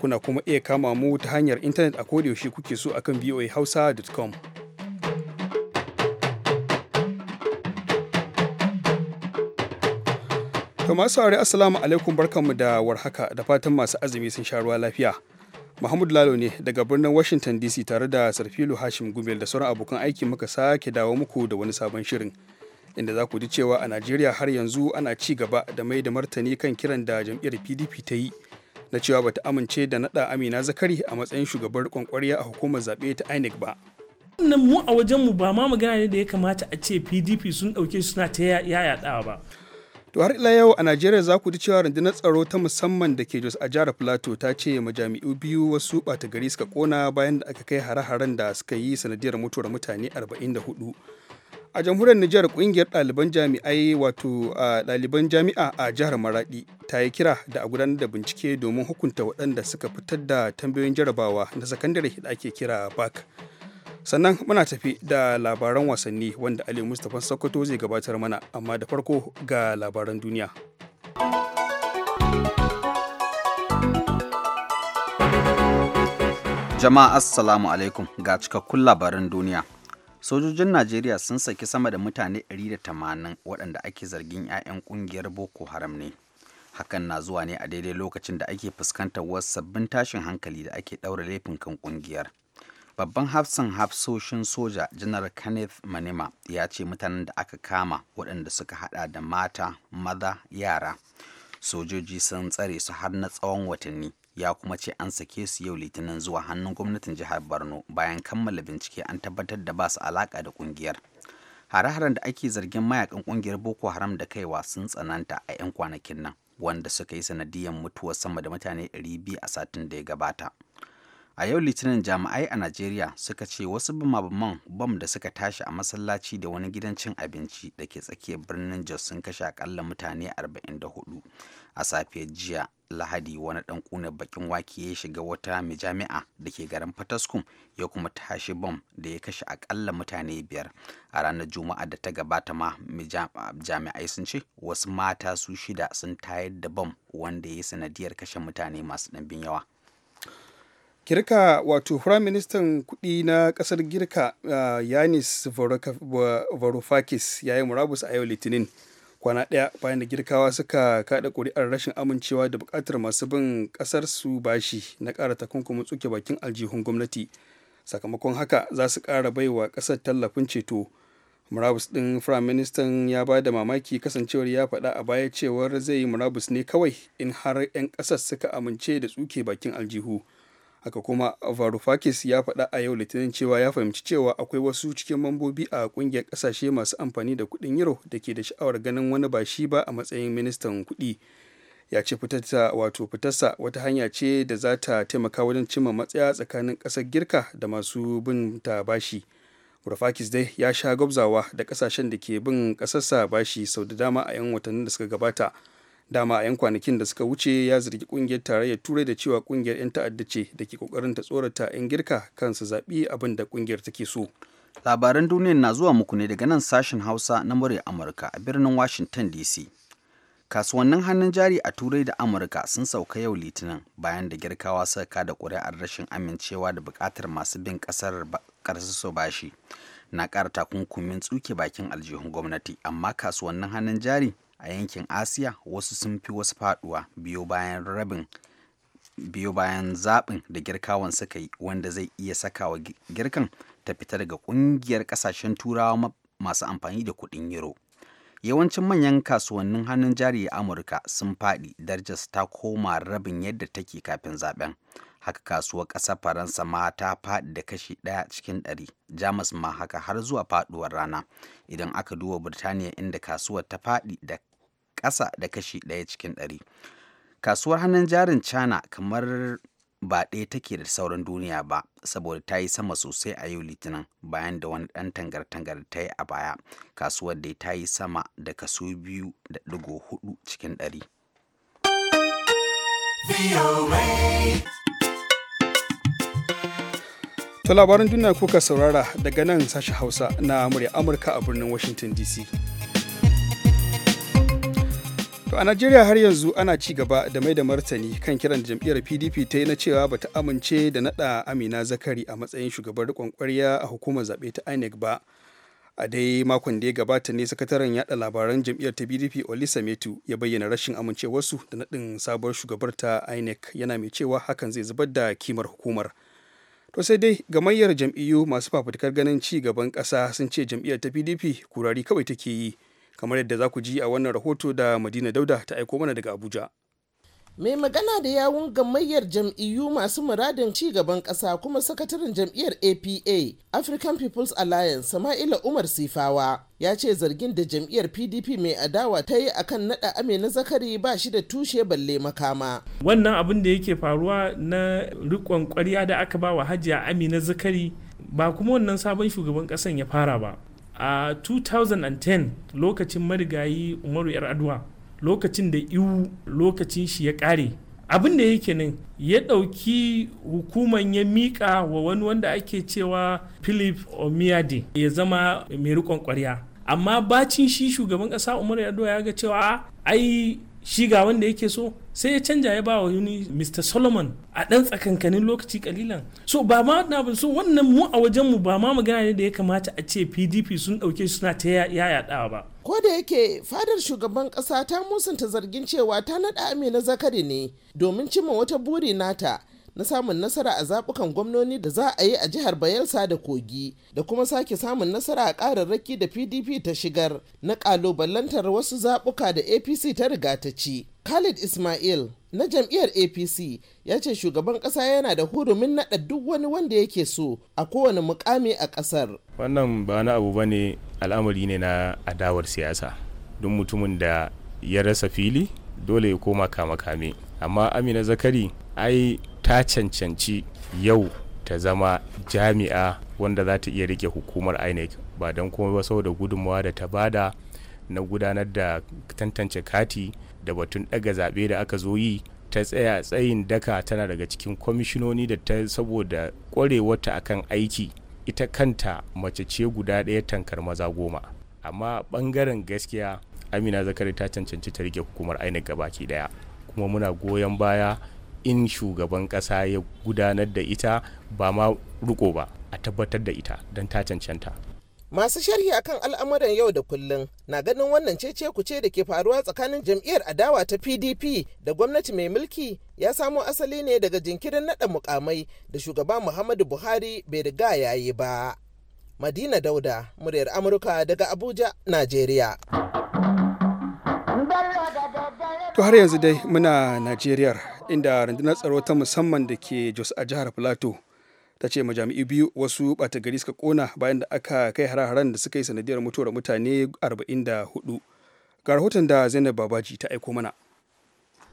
kuna kuma iya kama mu ta hanyar intanet a kodayaushe kuke so a kan voahausa.com To masu aure assalamu alaikum barkanmu da warhaka da fatan masu azumi sun sha ruwa lafiya. Muhammadu Lalo ne daga birnin Washington DC tare da Sarfilu Hashim Gumel da sauran abokan aiki muka sake dawo muku da wani sabon shirin. Inda za ku ji cewa a Najeriya har yanzu ana ci gaba da mai da martani kan kiran da jam'iyyar PDP ta yi na cewa bata amince da naɗa amina zakari a matsayin shugabar riƙon a hukumar zaɓe ta inec ba wannan mu a wajenmu ba ma magana ne da ya kamata a ce pdp sun ɗauke suna ta yayaɗawa ba to har ila yau a najeriya za ku ji cewa rundunar tsaro ta musamman da ke jos a jihar plateau ta ce majami'u biyu wasu ɓata gari suka kona bayan da aka kai hare-haren da suka yi sanadiyar mutuwar mutane 44 a jamhuriyar Nijar kungiyar ɗaliban jami'ai wato ɗaliban jami'a a jihar Maradi ta yi kira da a gudanar da bincike domin hukunta waɗanda suka fitar da tambayoyin jarabawa na sakandare da ake kira BAC. Sannan muna tafi da labaran wasanni wanda Ali Mustapha Sokoto zai gabatar mana amma da farko ga labaran duniya. Jama'a Assalamu alaikum ga cikakkun labaran duniya. sojojin najeriya sun saki sama da mutane 180 waɗanda ake zargin 'ya'yan ƙungiyar boko haram ne hakan na zuwa ne a daidai lokacin da ake fuskantar wasu sabbin tashin hankali da ake ɗaura laifin kan ƙungiyar babban hafsan hafsoshin soja janar kenneth manema ya ce mutanen da aka kama waɗanda suka haɗa da mata maza yara sojoji sun tsare su har na tsawon watanni ya kuma ce an sake su yau litinin zuwa hannun gwamnatin jihar borno bayan kammala bincike an tabbatar da ba su alaka da kungiyar hare-haren da ake zargin mayakan kungiyar boko haram da kaiwa sun tsananta a 'yan kwanakin nan wanda suka yi sanadiyar mutuwar sama da mutane 200 a satin da ya gabata a yau litinin jami'ai a najeriya suka ce wasu bumabuman bam da suka tashi a masallaci da wani gidan cin abinci da ke tsakiyar birnin jos sun kashe akalla mutane 44 a safiyar jiya lahadi wani dan kuna bakin wake ya shiga wata majami'a da ke garin fataskum ya kuma tashi bom da ya kashe akalla mutane biyar a ranar juma'a da ta gabata ma jami'ai sun ce wasu mata su shida sun tayar da bom wanda ya yi sanadiyar kashe mutane masu ɗanbin yawa girka wato firayim ministan kudi na kasar girka uh, yanis varoufakis ya yi murabus a yau litinin kwana ɗaya bayan da girkawa suka kaɗa ƙuri'ar rashin amincewa da bukatar masu bin ƙasar su bashi na ƙara takunkumin tsuke bakin aljihun gwamnati sakamakon haka za su ƙara baiwa ƙasar tallafin ceto murabus ɗin firayim ministan ya ba da mamaki kasancewar ya faɗa a baya cewar zai yi murabus ne kawai in har 'yan ƙasar suka amince da tsuke bakin aljihu haka kuma varoufakis ya faɗa a yau litinin cewa ya fahimci cewa akwai wasu cikin mambobi a ƙungiyar ƙasashe masu amfani da kuɗin euro da ke da sha'awar ganin wani ba shi ba a matsayin ministan kuɗi ya ce fitarsa wato fitarsa wata hanya ce da za ta taimaka wajen cimma matsaya tsakanin ƙasar girka da masu bin ta bashi Rufakis dai ya sha gwabzawa da ƙasashen da ke bin ƙasarsa bashi sau da dama a 'yan watannin da suka gabata dama a 'yan kwanakin da suka wuce ya zargi kungiyar tarayyar turai da cewa kungiyar 'yan ta'adda ce da ke kokarin ta tsorata 'yan girka kansu zaɓi abin da kungiyar take so labaran duniyar na zuwa muku ne daga nan sashen hausa na murya amurka a birnin washington dc kasuwannin hannun jari a turai da amurka sun sauka yau litinin bayan da girkawa suka kada ƙuri'ar rashin amincewa da buƙatar masu bin ƙasar su bashi na ƙara takunkumin tsuke bakin aljihun gwamnati amma kasuwannin hannun jari a yankin asiya wasu sun fi wasu faduwa biyo bayan rabin biyo bayan zaɓin da girkawan suka yi wanda zai iya sakawa girkan ta fita daga ƙungiyar ƙasashen turawa masu amfani da kuɗin euro yawancin manyan kasuwannin hannun jari a amurka sun faɗi darajar ta koma rabin yadda take kafin zaɓen haka kasuwar ƙasar faransa ma ta faɗi da kashi ɗaya cikin ɗari jamus ma haka har zuwa faɗuwar rana idan aka duba birtaniya inda kasuwar ta faɗi da kasa da kashi ɗaya cikin ɗari. Kasuwar hannun jarin China kamar ba ɗaya take da sauran duniya ba saboda ta yi sama sosai a yau litinin bayan da wani ɗan tangar-tangar ta yi a baya kasuwar da ta yi sama da kaso biyu da ɗigo hudu cikin ɗari. To labaran duniya kuka saurara daga nan sashi Hausa na murya Amurka a birnin Washington DC. To a Najeriya har yanzu ana ci gaba da mai da martani kan kiran da jam'iyyar PDP ta yi na cewa bata amince da nada Amina Zakari a matsayin shugabar riƙon ƙwarya a hukumar zaɓe ta INEC ba. A dai makon da ya gabata ne sakataren yada labaran jam'iyyar ta PDP Olisa Metu ya bayyana rashin amincewarsu da naɗin sabuwar shugabar ta INEC yana mai cewa hakan zai zubar da kimar hukumar. To sai dai gamayyar jam'iyyu masu fafutukar ganin ci gaban ƙasa sun ce jam'iyyar ta PDP kurari kawai take yi. kamar yadda za ku ji a wannan rahoto da madina dauda ta aiko mana daga abuja mai magana da yawun gamayyar jam'iyyu masu muradin ci gaban ƙasa kuma sakataren jam'iyyar apa african people's alliance sama'ila umar sifawa ya ce zargin da jam'iyyar pdp mai adawa ta yi akan nada amina zakari ba shi da tushe balle makama wannan abin da yake faruwa na rikon kwarya da aka ba wa hajiya amina zakari ba kuma wannan sabon shugaban ƙasan ya fara ba a 2010 lokacin marigayi umaru yar aduwa lokacin da iwu lokacin shi ya kare abin da yake nan ya ɗauki hukuman ya miƙa wa wani wanda ake cewa philip omiyade ya zama mai riƙon ƙwarya amma bacin shi shugaban ƙasa umaru yar'adua ya ga cewa ai shi ga wanda yake so sai ya canja ya ba wa yuni mr solomon a ɗan tsakankanin lokaci kalilan so ba ma na so wannan mu a wajen mu ba ma magana ne da ya kamata a ce pdp sun ɗauke suna ta yaya dawa ba ko da yake fadar shugaban ƙasa ta musanta zargin cewa ta naɗa amina zakari ne domin cimma wata buri nata na samun nasara a zaɓukan gwamnoni da za a yi a jihar Bayelsa da Kogi da kuma sake samun nasara a ƙararraki da PDP ta shigar na ƙalubalantar wasu zaɓuka da APC ta riga ta ci. Khalid Ismail na jam'iyyar APC ya ce shugaban ƙasa yana da hurumin naɗa duk wani wanda yake so a kowane mukami a ƙasar. Wannan ba na abu ba ne al'amari ne na adawar siyasa. Don mutumin da ya rasa fili dole ya koma kame-kame. Amma Amina Zakari ai ta cancanci yau ta zama jami'a wanda za ta iya rike hukumar inec ba don kuma ba saboda gudunmawa da ta bada na gudanar da tantance kati da batun daga zaɓe da aka zo yi ta tsaya tsayin daka tana daga cikin kwamishinoni da ta saboda ƙwarewarta akan aiki ita kanta mace ce guda ɗaya tankar maza goma amma ɓangaren gaskiya amina zakari ta cancanci ta rike hukumar inec gabaki ɗaya kuma muna goyon baya in shugaban ƙasa ya gudanar da ita ba ma riko ba a tabbatar da ita don ta cancanta masu sharhi akan al'amuran yau da kullum na ganin wannan cece ce da ke faruwa tsakanin jam'iyyar adawa ta pdp da gwamnati mai mulki ya samo asali ne daga jinkirin naɗa mukamai da shugaba muhammadu buhari bai riga yayi ba madina dauda muryar amurka daga abuja najeriya to har yanzu dai muna najeriyar inda rundunar tsaro ta musamman da ke jos a jihar plateau ta ce majami'u biyu wasu ɓata gari suka kona bayan da aka kai hare-haren da suka yi sanadiyar mutuwar mutane 44 ga rahoton da zainab babaji ta aiko mana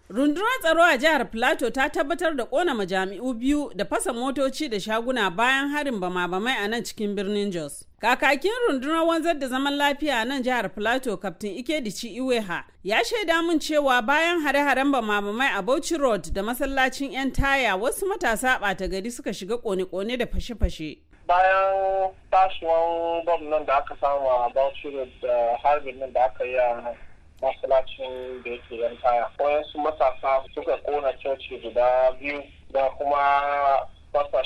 rundunar tsaro a jihar plateau ta tabbatar da kona majami'u biyu da fasa motoci da shaguna bayan harin bama-bamai a nan cikin birnin jos kakakin rundunar wanzar da zaman lafiya a nan jihar plateau kaftin ikedici iweha ya shaida mun cewa bayan hare-haren bama-bamai a bauchi road da masallacin 'yan taya wasu matasa bata gari suka shiga kone-kone da fashe-fashe bayan tashiwan bom nan da aka samu a bauchi road da harbin nan da aka yi a masallacin da yake yan taya wayansu matasa suka kona coci guda biyu da kuma fasa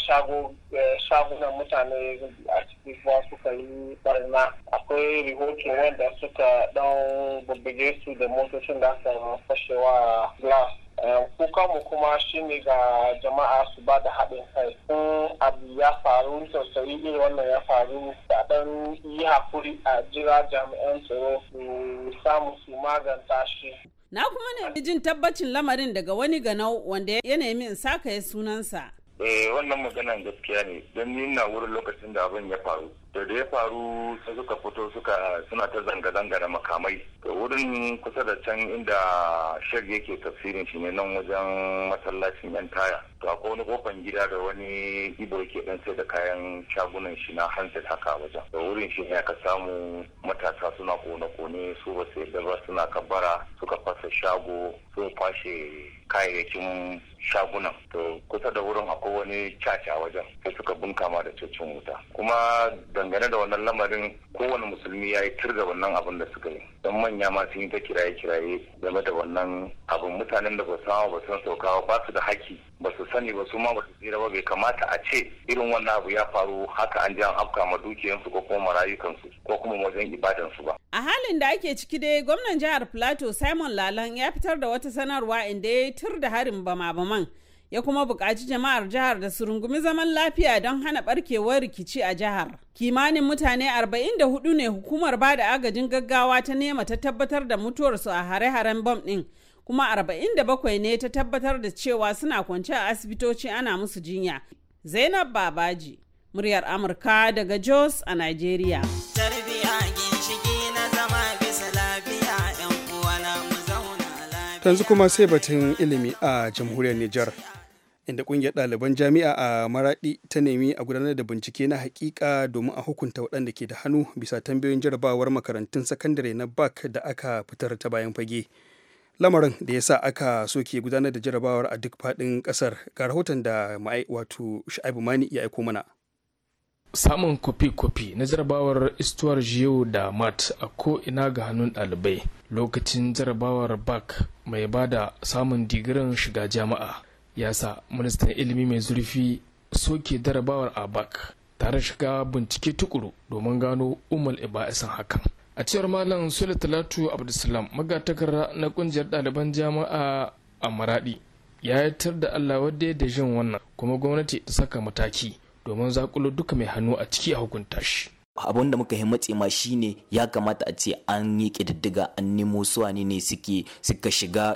eh, shagunan mutane a ciki kuma suka yi barna akwai rihoto wanda suka dan bubbuge su da motocin da aka fashewa glass Eh, mu kuma shi ne ga jama'a su ba da haɗin kai sun abu ya faru tausayi irin wannan ya faru da ɗan yi hakuri a jira jami'an tsaro su samu su maganta shi na kuma ne jin tabbacin lamarin daga wani ganau wanda ya nemi in saka ya sunansa eh, wannan maganan gaskiya ne don ni wurin lokacin da abin ya faru da da ya faru sai suka fito suka suna ta zanga-zanga da makamai da wurin kusa da can inda shar yake tafsirin shi ne nan wajen masallacin yan taya to akwai wani kofan gida da wani ibo yake dan sai da kayan shagunan shi na hanset haka wajen da wurin shi ne aka samu matasa suna kone-kone su ba su yarda ba suna kabbara suka fasa shago sun kwashe kayayyakin shagunan to kusa da wurin akwai wani caca a wajen sai suka bunkama da cocin wuta kuma dangane da wannan lamarin kowane musulmi ya yi tur da wannan abin da suka yi don manya ma sun yi ta kiraye kiraye game da wannan abin mutanen da ba su ba sauka ba su da haki ba su sani ba su ma ba su tsira ba bai kamata a ce irin wannan abu ya faru haka an ji an afka ma dukiyansu ko kuma rayukansu ko kuma wajen ibadansu ba. A halin da ake ciki dai gwamnan jihar Plateau Simon Lalan ya fitar da wata sanarwa inda ya tur da harin bama-baman ya kuma buƙaci jama'ar jihar da su rungumi zaman lafiya don hana barkewar rikici a jihar. Kimanin mutane arba'in da hudu ne hukumar ba da agajin gaggawa ta nema ta tabbatar da mutuwarsu a hare-haren bom ɗin. kuma 47 ne ta tabbatar da cewa suna kwance a asibitoci ana musu jinya. Zainab Babaji, muryar Amurka daga Jos a Nigeria. Tanzu kuma sai batun ilimi a jamhuriyar Nijar. inda kungiyar ɗaliban jami'a a maraɗi ta nemi a gudanar da bincike na hakika domin a hukunta waɗanda ke da hannu bisa tambayoyin jarabawar makarantun sakandare na bak da aka fitar ta bayan fage. lamarin da ya sa aka soke gudanar da jarabawar a duk faɗin ƙasar ga rahoton da wato sha'ibu mani ya aiko mana samun kofi-kofi na jarabawar istuwar jiyo da mat a ina ga hannun ɗalibai lokacin jarabawar bak mai ba da samun digirin shiga jama'a ya sa ministan ilimi mai zurfi soke jarabawar a bak tare shiga bincike tukuru domin gano umar iba'isan hakan a cewar malam sule talatu abdulsalam magatakara na kungiyar ɗaliban jami'a a maradi ya yatar da allah wadda ya da jin wannan kuma gwamnati ta saka mataki domin zakulo duka mai hannu a ciki a hukunta shi abin da muka matse ma shine ya kamata a ce an yi ƙididdiga an nemo suwane ne suke suka shiga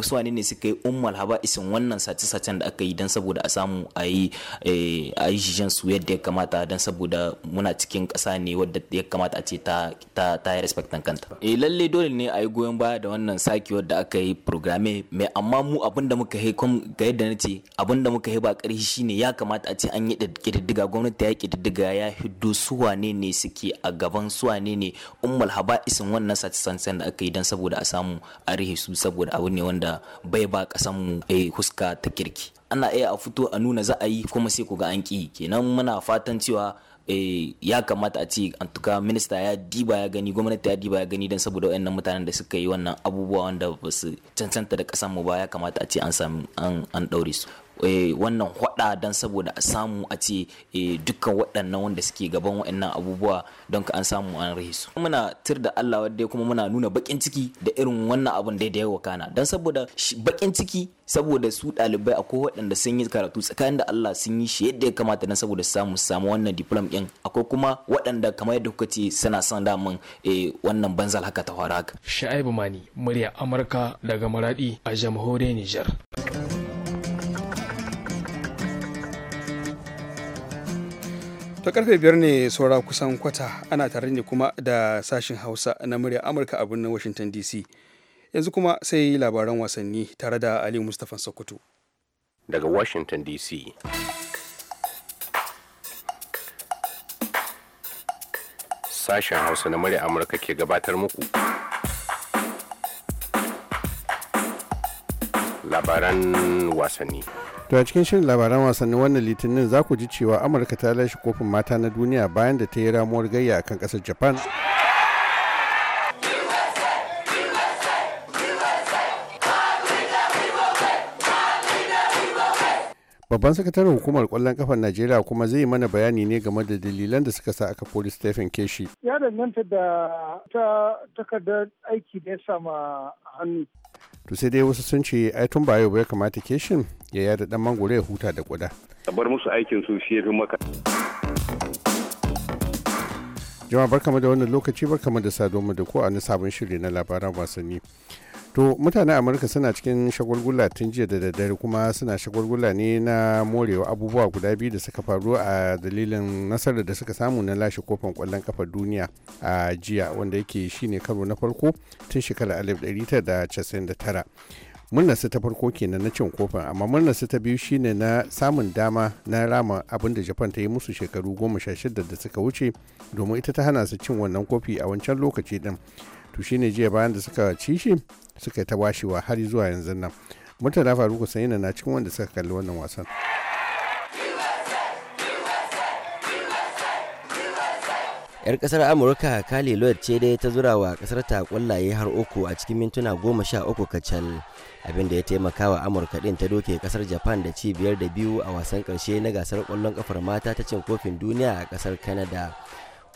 suwane ne suka yi ummal haba isin wannan sace-sacen da aka yi don saboda a samu a yi eh, a su yadda ya kamata don saboda muna cikin ƙasa ne wadda ya kamata a ce ta yi respectan kanta e lalle dole ne a yi goyon baya da wannan sake da aka yi programme mai amma mu abin da muka yi ga yadda na ce abin da muka yi ba ƙarfi shine ya kamata a ce an yi ƙididdiga gwamnati ya ƙididdiga ya hiddo suwane ne suke a gaban su ne ne ummul haba'isin wannan satisansan da aka yi don saboda a samu a rihe su saboda abu ne wanda bai ba kasan mu eh, huska ta kirki ana iya a fito a nuna za a yi kuma sai ku ga an ki kenan muna fatan cewa eh, ya kamata a ce an tuka minista ya diba ya gani gwamnati ya diba ya gani don saboda wayannan mutanen da suka yi wannan abubuwa wanda ba su cancanta da kasan mu ba ya kamata a ce an sami an daure su e wannan hwada don saboda a samu a ce eh, dukkan waɗannan wanda suke gaban waɗannan abubuwa don ka an samu an rahe su muna tir da Allah wadda kuma muna nuna bakin ciki da irin wannan abun da ya wakana don saboda bakin ciki saboda su ɗalibai akwai waɗanda sun yi karatu tsakanin da Allah sun yi shi yadda ya kamata don saboda samu samu wannan diplom ɗin akwai kuma waɗanda kamar yadda kuka ce suna son damun eh, wannan banzal haka ta haka. Sha'ibu Mani, murya Amurka daga Maradi a jamhuriyar Nijar. ta karfe biyar ne saura kusan kwata ana tare ne kuma da sashin hausa na murya amurka a birnin washington dc yanzu kuma sai labaran wasanni tare da Ali mustapha sokoto daga washington dc sashen hausa na murya amurka ke gabatar muku labaran wasanni To a cikin shirin labaran wasannin wannan litinin za ku ji cewa Amurka ta lashe kofin mata na duniya bayan da ta yi ramuwar gayya a kan ƙasar Japan. Babban sakataren hukumar kwallon kafar Najeriya kuma zai yi mana bayani ne game da dalilan da suka sa aka kori Stephen Keshi. Ya danganta da ta takardar aiki da ya sama hannu. to sai dai wasu sun ce ai tun ba yau ba ya kamata keshin ya yada dan mangoro ya huta da kuda bar musu aikin su shi yafi maka jama'a barkamu da wannan lokaci barkamu da sadomu da ku a wani sabon shiri na labaran wasanni to mutane amurka suna cikin shagulgula tun jiya da daddare kuma suna shagulgula ne na morewa abubuwa guda biyu da suka faru a dalilin nasarar da suka samu na lashe kofin kwallon kafa duniya a jiya wanda yake shine karo na farko tun shekarar 1999 murnarsa ta farko kenan na cin kofin amma murnarsa ta biyu shine na samun dama na rama abin da japan ta yi musu shekaru goma sha shida da suka wuce domin ita ta hana su cin wannan kofi a wancan lokaci din to shine jiya bayan da suka ci shi suka ta washewa har zuwa yanzu nan murtala faruku sanyi na cikin wanda suka kalli wannan wasan yar kasar amurka kali lloyd ce dai ta zura wa kasar ta kwallaye har uku a cikin mintuna goma sha uku kacal abinda ya taimaka wa amurka din ta doke kasar japan da ci biyar da biyu a wasan karshe na gasar kwallon kafar mata ta cin kofin duniya a kasar canada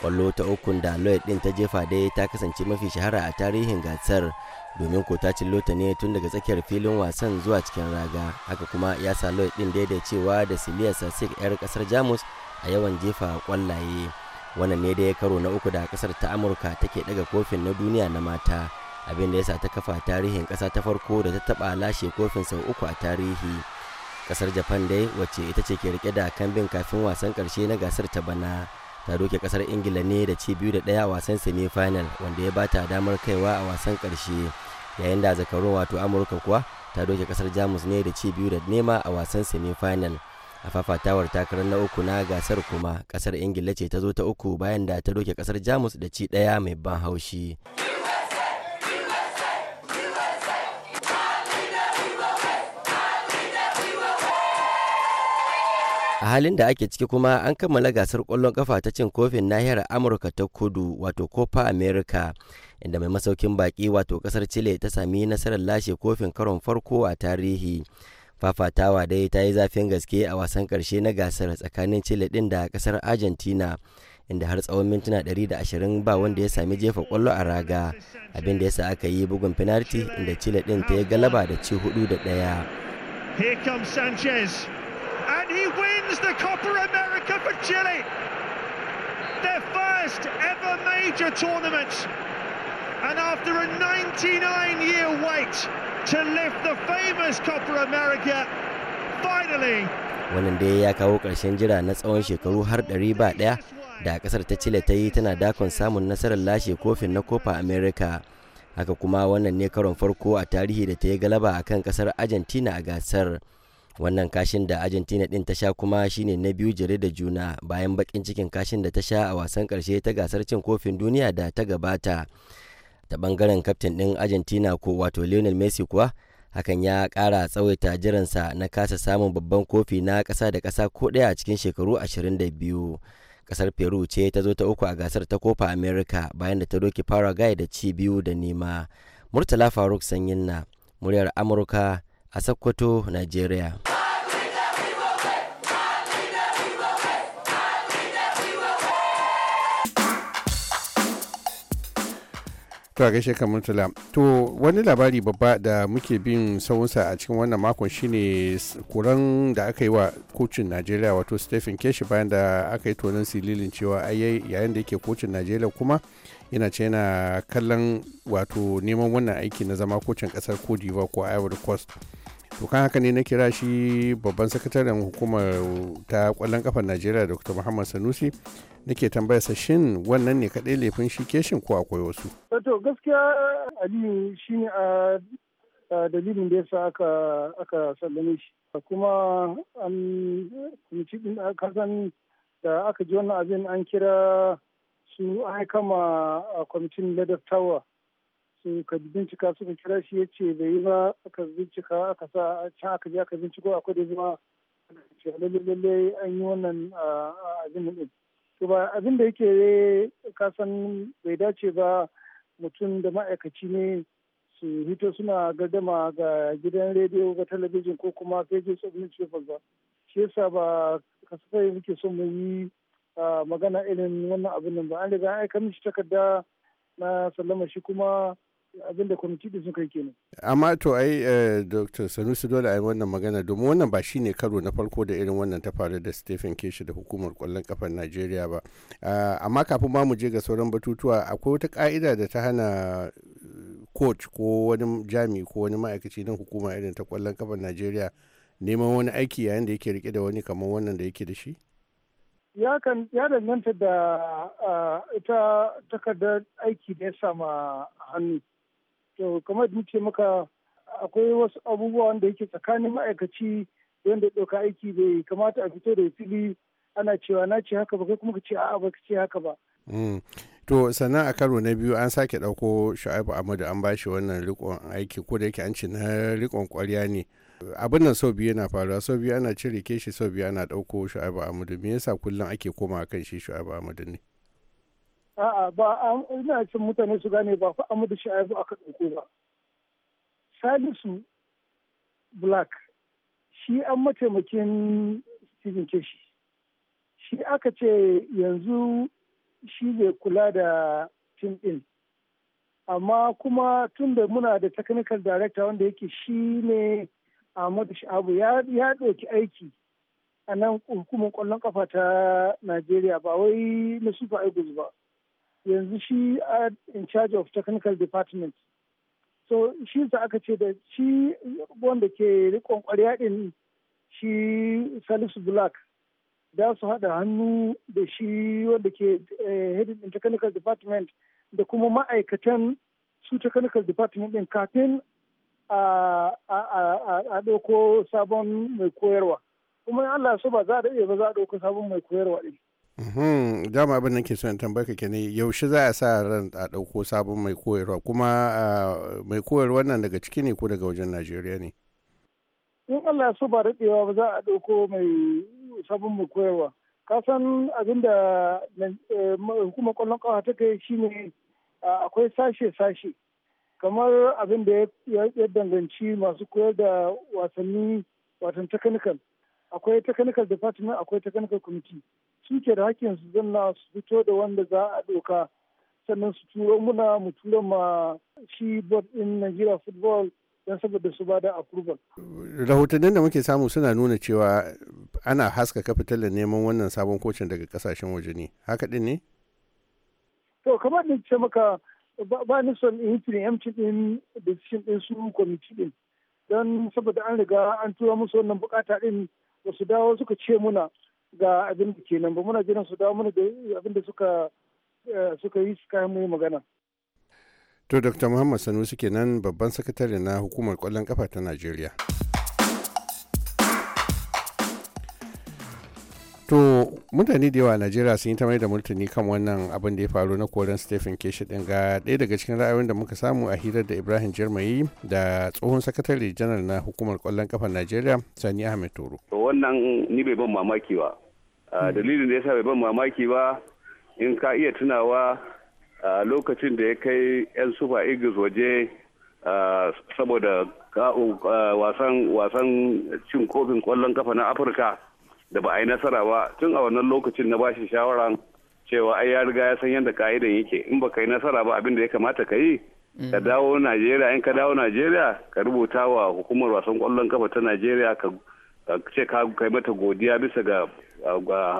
kwallo ta ukun da lloyd din ta jefa dai ta kasance mafi shahara a tarihin gasar domin ko ta cillo ta ne tun daga tsakiyar filin wasan zuwa cikin raga haka kuma ya sa lloyd din daidaicewa da siliya sasik yar kasar jamus a yawan jefa kwallaye wannan ne da ya karo na uku da kasar ta amurka take daga kofin na duniya na mata abin da ya sa ta kafa tarihin kasa ta farko da ta taba lashe kofin sau uku a tarihi kasar japan dai wacce ita ce ke rike da kambin kafin wasan karshe na gasar ta bana ta doke kasar ingila ne da ci biyu da ɗaya wasan semi-final wanda ya bata damar kaiwa a wasan karshe yayin da zakarun wato amurka kuwa ta doke kasar jamus ne da ci biyu da nema a wasan semi-final a fafatawar takarar na uku na gasar kuma kasar ingila ce ta zo ta uku bayan da ta doke kasar jamus da ci ɗaya mai ban haushi. a halin da ake ciki kuma an kammala gasar kwallon kafa ta cin kofin nahiyar amurka ta kudu wato copa america inda mai masaukin baki wato kasar chile ta sami nasarar lashe kofin karon farko a tarihi fafatawa dai ta yi zafin gaske a wasan karshe na gasar tsakanin chile din da kasar argentina inda har tsawon mintuna 120 ba wanda ya sami jefa kwallo a raga abin da yasa aka yi bugun penalty inda chile din ta yi galaba da ci hudu da daya and he wins the Copper America for Chile. Their first ever major tournament. And after a 99-year wait to lift the famous Copper America, finally. Wannan dai ya kawo ƙarshen jira na tsawon shekaru har ɗari ba ɗaya da ƙasar ta Chile ta yi tana dakon samun nasarar lashe kofin na Copa America. Haka kuma wannan ne karon farko a tarihi da ta yi galaba kan ƙasar Argentina a gasar. wannan kashin da argentina din ta sha kuma shine na biyu jere da juna bayan bakin cikin kashin da ta sha a wasan karshe ta gasar cin kofin duniya da ta gabata ta bangaren kaftin din argentina ko wato lionel messi kuwa hakan ya kara tsawaita jiransa na kasa samun babban kofi na kasa da kasa ko daya a cikin shekaru 22 kasar peru ce ta zo ta uku a gasar ta kofa america bayan da ta doki paraguay da ci biyu da nema murtala faruk sanyin na muryar amurka a sokoto nigeria to a gaishe kamar tala to wani labari babba da muke bin sawunsa a cikin wannan makon shine kuran da aka yi wa kocin najeriya wato stephen keshi bayan da aka yi tonin sililin cewa yayin da yake kocin najeriya kuma yana ce yana kallon wato neman wannan aiki na zama kocin kasar cote d'ivoire ko ivory coast to kan haka ne na kira shi babban sakataren hukumar ta kwallon kafar najeriya dr muhammad sanusi nake tambayar sa shin wannan ne kaɗai laifin shi ke keshin ko akwai wasu. wato eh, gaskiya aliyu shi ne a dalilin da yasa aka aka sallame shi kuma an cikin kasan da aka ji wannan abin an kira su kama a kwamitin ladaftawa su ka bincika suka kira shi ya ce bai yi ba aka bincika aka sa can aka ji aka binciko akwai da zama lalle lalle an yi wannan abin din to ba abin da yake kasan bai dace ba mutum da ma'aikaci ne su hito suna gardama ga gidan rediyo ga talabijin ko kuma pages of newspapers ba shi yasa ba kasafai muke son mu yi magana irin wannan abin nan ba an riga an aika mishi takarda na sallama shi kuma abin kwamiti suka yi kenan. amma to ai eh, dr sanusi dole a yi wannan magana domin wannan ba shi ne karo na farko da irin wannan ta faru da stephen keshi da hukumar kwallon kafar nigeria ba ah, amma kafin ba mu je ga sauran batutuwa akwai wata ka'ida da ta hana eh, coach ko wani jami ko wani ma'aikaci na hukuma irin ta kwallon kafar nigeria neman wani aiki yayin da yake rike da wani kamar wannan da yake da shi ya danganta da ah, ita takardar aiki da ya sama hannu to kamar da muke maka akwai wasu abubuwa wanda yake tsakanin ma'aikaci wanda ya ɗauka aiki bai kamata a fito da fili ana cewa na ce haka ba kai kuma ka ce a'a ba ka ce haka ba. Mm. to sannan a karo na biyu an sake ɗauko shu'aibu amadu an bashi wannan rikon aiki ko da yake an ce na rikon kwarya ne abin nan sau biyu yana faruwa sau biyu ana cire keshi sau biyu ana ɗauko shu'aibu amadu me yasa kullum ake koma kan shi shu'aibu amadu ne. A'a ba ina cin mutane su gane ba fa Amadu Sha'ibu aka ɗauko ba. Salisu Black shi an mataimakin Stephen Keshi. Shi aka ce yanzu shi zai kula da tim ɗin. Amma kuma tun da muna da technical director wanda yake shi ne Ahmadu Sha'abu ya ɗauki aiki a nan hukumar ƙwallon ƙafa ta Najeriya ba wai na Super Eagles ba. yanzu shi in charge of technical department so shi sa aka ce da shi wanda ke rikon kwarya ɗin shi salisu black da su haɗa hannu da shi wanda ke eh, head in technical department da kuma ma'aikatan su technical department ɗin kafin a ɗauko sabon mai koyarwa kuma Allah so ba za a daɗe ba za a ɗauko sabon mai koyarwa ɗin Uhm, dama abin nan ke son tambayar ka kenan yaushe za a sa ran a dauko sabon mai koyarwa kuma ah, mai koyarwa nan daga ciki ne ko daga wajen najeriya ne in allah ya so ba daɗewa ba za a dauko mai sabon mai koyarwa kasan abin da eh, hukumar kwallon ƙawa ta kai shine ah, akwai sashe-sashe kamar abin da ya danganci masu koyar da wasanni watan technical akwai technical department akwai technical committee suke da hakkin su zanna su fito da wanda za a doka sannan su turo muna mu tura ma shi board din Nigeria football don saboda su bada approval. Rahotannin da muke samu suna nuna cewa ana haska fitilar neman wannan sabon kocin daga kasashen waje ne. Haka din ne? To kamar ni ce maka ba ni son in yi emcin din decision din su committee din. dan saboda an riga an tura musu wannan bukata din wasu su dawo suka ce muna ga abin da ke nan ba muna jiran su dawo mana da abin da suka eh, suka yi suka mu magana to dr muhammad sanusi kenan babban sakatare na hukumar kwallon kafa ta najeriya to mutane da yawa a najeriya sun yi ta mai da martani kan wannan abin da ya faru na koren stephen keshi din ga ɗaya daga cikin ra'ayoyin da muka samu a hirar da ibrahim jirmayi da tsohon sakatare janar na hukumar kwallon kafar najeriya sani ahmed toro to wannan ni bai ban mamaki ba hmm. dalilin da ya sa bai ban mamaki ba in ka iya tunawa lokacin da ya kai yan sufa eagles waje saboda wasan cin kofin kwallon kafa na afirka da ba a yi nasara ba tun a wannan lokacin na bashi shawaran cewa ai ya riga ya san yadda ka'idan yake in ba ka yi nasara ba abin da ya kamata ka yi ka mm. dawo najeriya in ka dawo najeriya ka rubuta wa hukumar wasan kwallon kafa ta najeriya ka ce ka kai mata godiya bisa ga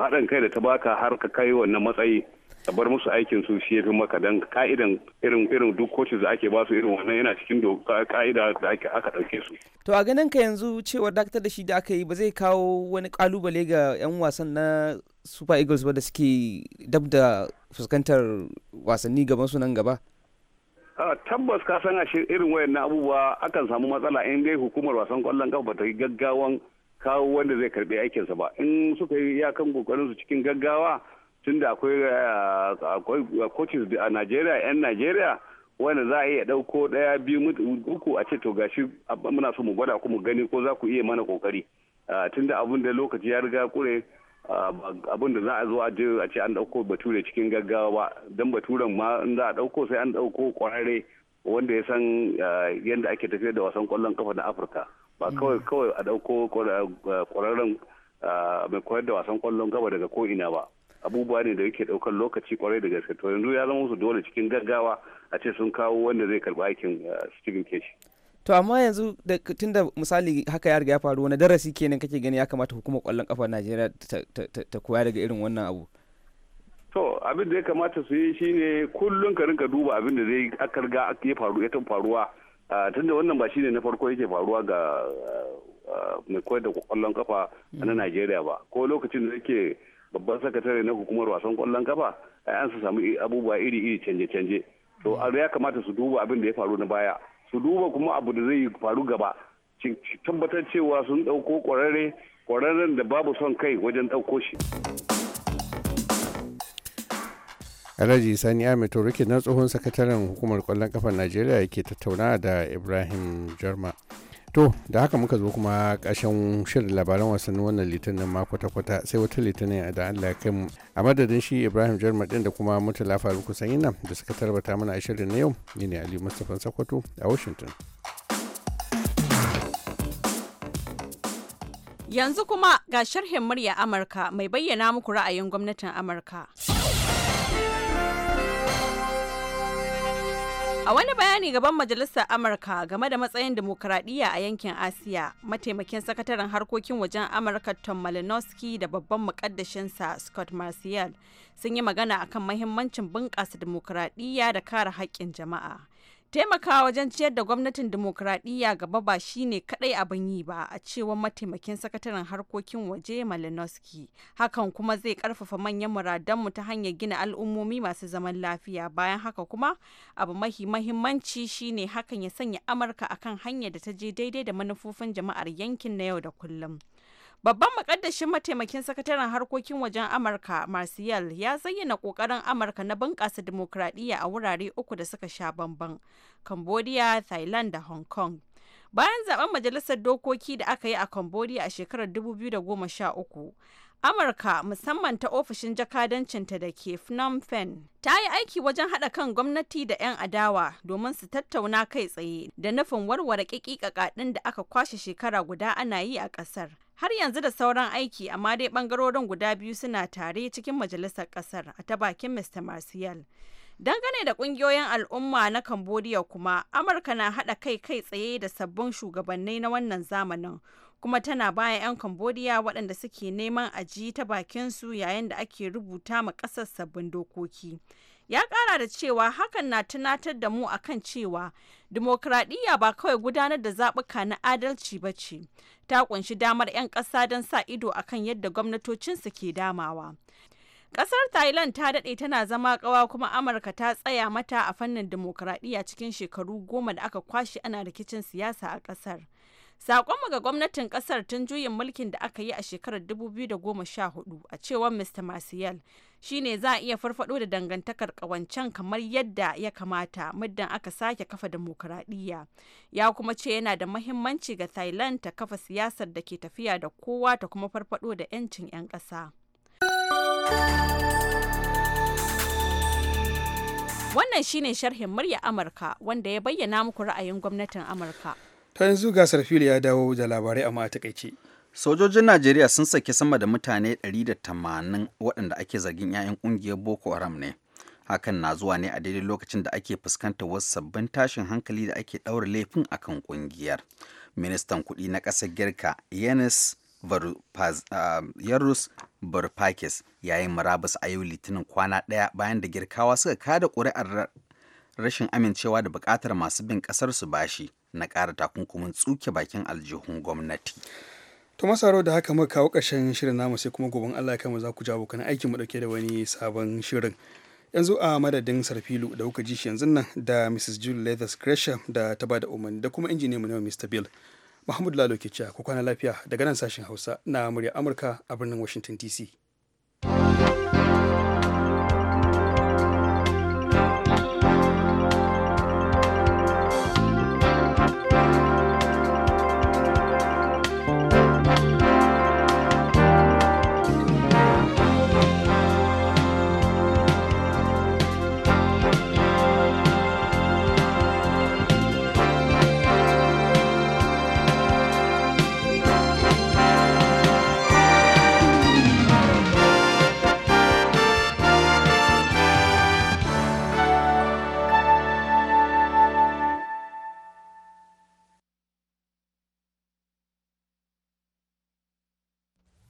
haɗin kai da ta baka har ka kai wannan matsayi ka bar musu aikin su shi yafi maka dan ka'idan irin irin duk coaches da ake ba su irin wannan yana cikin ka'ida da ake aka ɗauke su to a ganin ka yanzu cewa dakatar da shi da aka yi ba zai kawo wani kalubale ga yan wasan na Super Eagles ba da suke dab da fuskantar wasanni gaban su nan gaba tabbas ka san shi irin na abubuwa akan samu matsala in dai hukumar wasan kwallon kafa ba ta yi gaggawan kawo wanda zai karbi aikinsa ba in suka yi iyakan kokarin su cikin gaggawa tunda akwai eh, eh, coaches a Najeriya yan Najeriya wanda za a iya ɗauko ɗaya biyu uku a ce to gashi muna so mu gwada ku mu gani ko za ku iya mana kokari eh, tun da abin da lokaci ya riga kure abin da za a zo a je a ce an ɗauko bature cikin gaggawa ba don baturen ma in za a ɗauko sai an ɗauko kwararre wanda ya san yadda ake tafiyar da wasan kwallon kafa na afirka ba mm. kawai kawai a ɗauko kwararren mai koyar da wasan kwallon kafa daga ko ina ba abubuwa ne da yake daukar lokaci kwarai da gaske to yanzu ya zama musu dole cikin gaggawa a ce sun kawo wanda zai karbi aikin uh, Stephen keshi to amma yanzu da tunda misali haka ya riga ya faru wani darasi kenan kake gani ya kamata hukumar kwallon kafa Najeriya ta koya daga irin wannan abu to abin da ya kamata su yi shine kullun ka rinka duba abin da zai aka riga ya faru ya faruwa tunda wannan ba shine na farko yake faruwa ga uh, uh, mai koyar da kwallon kafa na mm. Najeriya ba ko lokacin da yake babban sakatare na hukumar wasan kwallon kafa an su samu abubuwa iri iri canje canje to hmm. a ya kamata su duba abin da ya faru na baya su duba kuma abu da zai faru gaba tabbatar cewa sun dauko kwararre ƙwararren da babu son kai wajen dauko shi. Alhaji Sani Ahmed Toruke na tsohon sakataren hukumar kwallon kafar Najeriya yake tattauna da Ibrahim Jarma. to da haka muka zo kuma ƙarshen shirin labaran wasannin wannan litinin ma kwata-kwata sai wata litinin da allah kai mu a madadin shi ibrahim jarmar din da kuma mutala faru kusan nan da suka tarbata mana a shirin na yau ni ne ali mustapha sakwato a washington yanzu kuma ga sharhin murya amurka mai bayyana muku ra'ayin gwamnatin amurka A wani bayani gaban Majalisar Amurka game da matsayin demokuraɗiyya a yankin Asiya, mataimakin sakataren harkokin wajen Amurka Tom Malinowski da babban mukaddashinsa Scott Marcial sun yi magana akan mahimmancin bunƙasa demokuraɗiyya da kare haƙƙin jama'a. taimakawa wajen ciyar da gwamnatin demokradiyya gaba ba shine kadai abin yi ba a cewar mataimakin sakataren harkokin waje malinowski hakan kuma zai karfafa manyan muradanmu ta hanyar gina al'ummomi masu zaman lafiya bayan haka kuma abu mahi mahimmanci shine hakan ya sanya amurka akan hanyar da ta je daidai da manufofin jama'ar yankin na yau da kullum Babban makaddashin mataimakin sakataren harkokin wajen Amurka Marcial ya zayyana kokarin Amurka na bunƙasa dimokuraɗiyya a wurare uku da suka sha bamban, Cambodia, Thailand da Hong Kong. Bayan zaben majalisar dokoki da aka yi a Cambodia a shekarar 2013, Amurka musamman ta ofishin jakadancinta da ke Phnom Penh. Ta yi aiki wajen haɗa kan gwamnati da 'yan adawa domin su tattauna kai tsaye da nufin warware ƙiƙiƙaƙaɗin da aka kwashe shekara guda ana yi a ƙasar. Har yanzu da sauran aiki amma dai ɓangarorin guda biyu suna tare cikin majalisar ƙasar a ta bakin Mr. Marcial. Dangane da ƙungiyoyin al'umma na Cambodia kuma, Amurka na haɗa kai kai tsaye da sabbin shugabannai na wannan zamanin, kuma tana bayan 'yan Cambodia waɗanda suke neman aji ta bakin su yayin da ake rubuta ma ƙasar sabbin dokoki. Ya ƙara da cewa hakan na tunatar da mu akan cewa dimokuraɗiyya ba kawai gudanar da zaɓuka na adalci ba ce, ta ƙunshi damar 'yan ƙasa don sa ido akan yadda gwamnatocinsu ke damawa. Ƙasar Thailand ta daɗe tana zama ƙawa kuma Amurka ta tsaya mata a fannin dimokuraɗiyya cikin shekaru goma da aka kwashe ana rikicin siyasa a ƙasar. Sakonmu ga gwamnatin kasar tun juyin mulkin da aka yi a shekarar 2014 a cewar Mr. Masiyal shine za a iya farfado da dangantakar kawancen kamar yadda ya kamata muddin aka sake kafa demokuraɗiyya. Ya kuma ce yana da mahimmanci ga Thailand ta kafa siyasar da ke tafiya da kowa ta kuma farfado da 'yancin 'yan ƙasa. Wannan shine sharhin murya Amurka wanda ya bayyana muku ra'ayin gwamnatin Amurka. ta yanzu gasar fili ya dawo da labarai amma a takaice sojojin najeriya sun saki sama da mutane 180 waɗanda ake zargin 'ya'yan ƙungiyar boko haram ne hakan na zuwa ne a daidai lokacin da ake fuskantar wasu sabbin tashin hankali da ake ɗaura laifin akan ƙungiyar ministan kuɗi na ƙasar girka yanis ah, yarus barfakis yayin murabus a yau litinin kwana ɗaya bayan da girkawa suka kada ƙuri'ar rashin amincewa da bukatar masu bin ƙasar su bashi na ƙara takunkumin tsuke bakin aljihun gwamnati. To masaro da haka muka kawo ƙarshen shirin namu sai kuma gobe Allah ya za ku jawo kan aikin mu dauke da wani sabon shirin. Yanzu a madadin Sarfilu da kuka ji shi yanzu nan da Mrs. Julie Leathers Gresham da ta bada umarni da kuma injiniyan mu na Mr. Bill. Muhammadu Lalo ke ku kwana lafiya daga nan sashen Hausa na murya Amurka a birnin Washington DC.